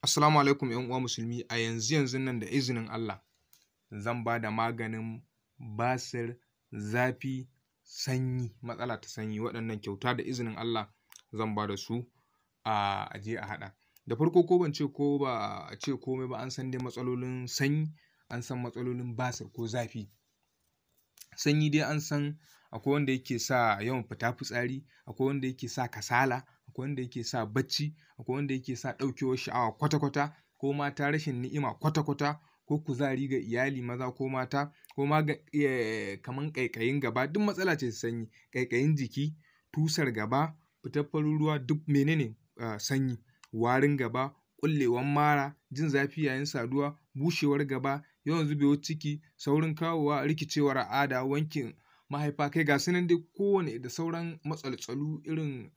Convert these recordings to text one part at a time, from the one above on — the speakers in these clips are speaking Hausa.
Assalamu alaikum ‘yan uwa musulmi a yanzu yanzu nan da izinin Allah zan ba da maganin basir zafi sanyi matsala ta sanyi waɗannan kyauta da izinin Allah zan ba da su a je a haɗa da farko ko ban ce ko ba a ce komai ba an san dai matsalolin sanyi an san matsalolin basir ko zafi sanyi dai an san akwai wanda yake sa yawan fita fitsari akwai wanda yake sa kasala akwai wanda yake sa bacci akwai wanda yake sa ɗaukewar sha'awa kwata-kwata ko mata rashin ni'ima kwata-kwata ko kuzari ga iyali maza ko mata ko ma ga eh, kaman ƙaiƙayin gaba duk matsala ce sanyi ƙaiƙayin jiki tusar gaba fitar farin ruwa duk menene ah, sanyi warin gaba ƙullewan mara jin zafi yayin saduwa bushewar gaba yawan zubewar ciki saurin kawowa rikicewar al'ada wankin mahaifa kai ga su kowane da sauran matsaltsalu irin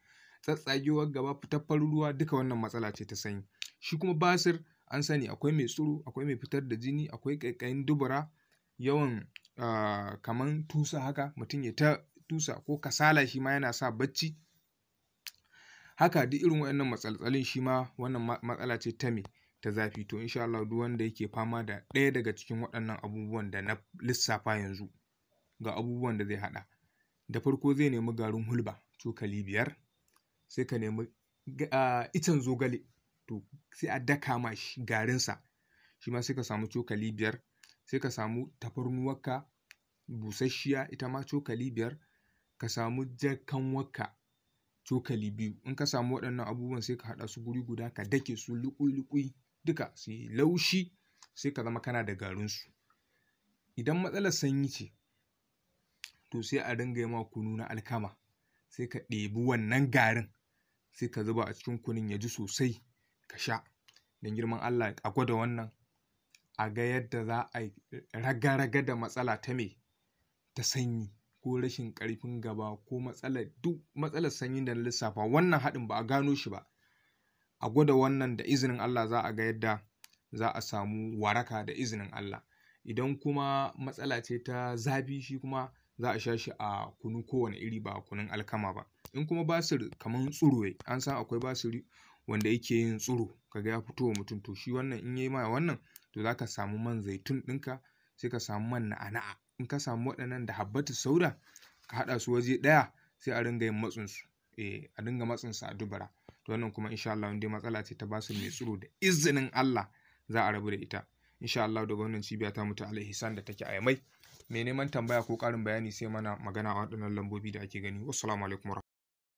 tsatsagewar gaba fitar farin ruwa duka wannan matsala ce ta sanyi shi kuma basir an sani akwai mai tsiro akwai mai fitar da jini akwai ƙaiƙayin dubura yawan ah, kaman tusa haka mutum ya ta tusa ko kasala shi ma yana sa bacci haka duk irin waɗannan matsaltsalin shi ma wannan matsala ce ta me ta zafi to insha Allah duk wanda yake fama da ɗaya daga cikin waɗannan abubuwan da na lissafa yanzu ga abubuwan da zai haɗa da farko zai nemi garin hulba cokali biyar sai ka nemi icen zogale to sai a daka ma shi garinsa shi ma sai ka samu cokali biyar sai ka samu tafarnuwarka busasshiya ita ma cokali biyar ka samu jakan waka cokali biyu in ka samu waɗannan abubuwan sai ka haɗa su guri guda ka dake su lukui duka su yi laushi sai ka zama kana da garinsu idan matsalar sanyi ce to sai a dinga yi ma kunu na alkama sai ka ɗebi wannan garin sai ka zuba a cikin kunun ya ji sosai ka sha don girman Allah a gwada wannan a ga yadda za a raga-raga da matsala ta mai ta sanyi ko rashin ƙarfin gaba ko matsalar duk matsalar sanyi da na lissafa wannan haɗin ba a gano shi ba a gwada wannan da izinin Allah za a ga yadda za a samu waraka da izinin Allah idan kuma matsala ce ta zafi shi kuma za a sha shi a kunu kowane iri ba a kunun alkama ba in kuma basir tsuru tsiro an san akwai basiri wanda yake yin ka kaga ya fito wa mutum to shi wannan in yayi ma wannan to zaka samu man zaitun ɗinka sai ka samu man na'ana'a in ka samu waɗannan da habbatu sauda ka haɗa su waje ɗaya sai a ringa yin matsin su eh a dinga matsin su a dubara to wannan kuma insha Allah dai matsala ce ta basir mai tsuru, da izinin Allah za a rabu da ita insha Allah daga wannan cibiya ta mutu alaihi san da take a mai neman tambaya ko karin bayani sai mana magana a waɗannan lambobi da ake gani wassalamu alaikum